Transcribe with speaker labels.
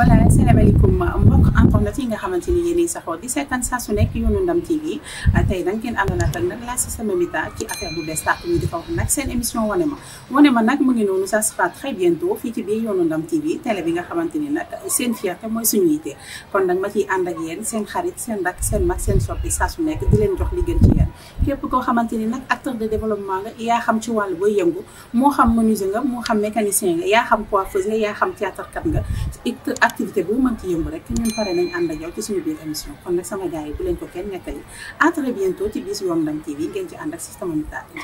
Speaker 1: voilà asalaamaaleykum mbokk internet yi nga xamante ni yéenay saxoo di seetaan saa su nekk yoonu ndam TV tey nag ngeen àndoon ak nag la sama mita ci affaire bu bees tàq ñu di ko wax nag seen émission wane ma bi nga xamante ni nag seen fierté mooy suñu yite kon nag ma ciy ànd ak yéen seen xarit seen rak seen mag seen soppi saa su nekk di leen jox li ci yéen képp koo xamante ni nag acteur de développement nga yaa xam ci wàll booy yëngu moo xam menuisier nga moo xam mécanicien nga yaa xam coiffeuse nga yaa xam théâtre kat nga activité bu mën ci yëngu rek ñun pare nañ ànd ak yow ci suñu biir émission kon nag sama gars yi bu leen ko kenn nettali à très bientôt ci bis Yom Ndam TV ngeen ci ànd ak système Mouta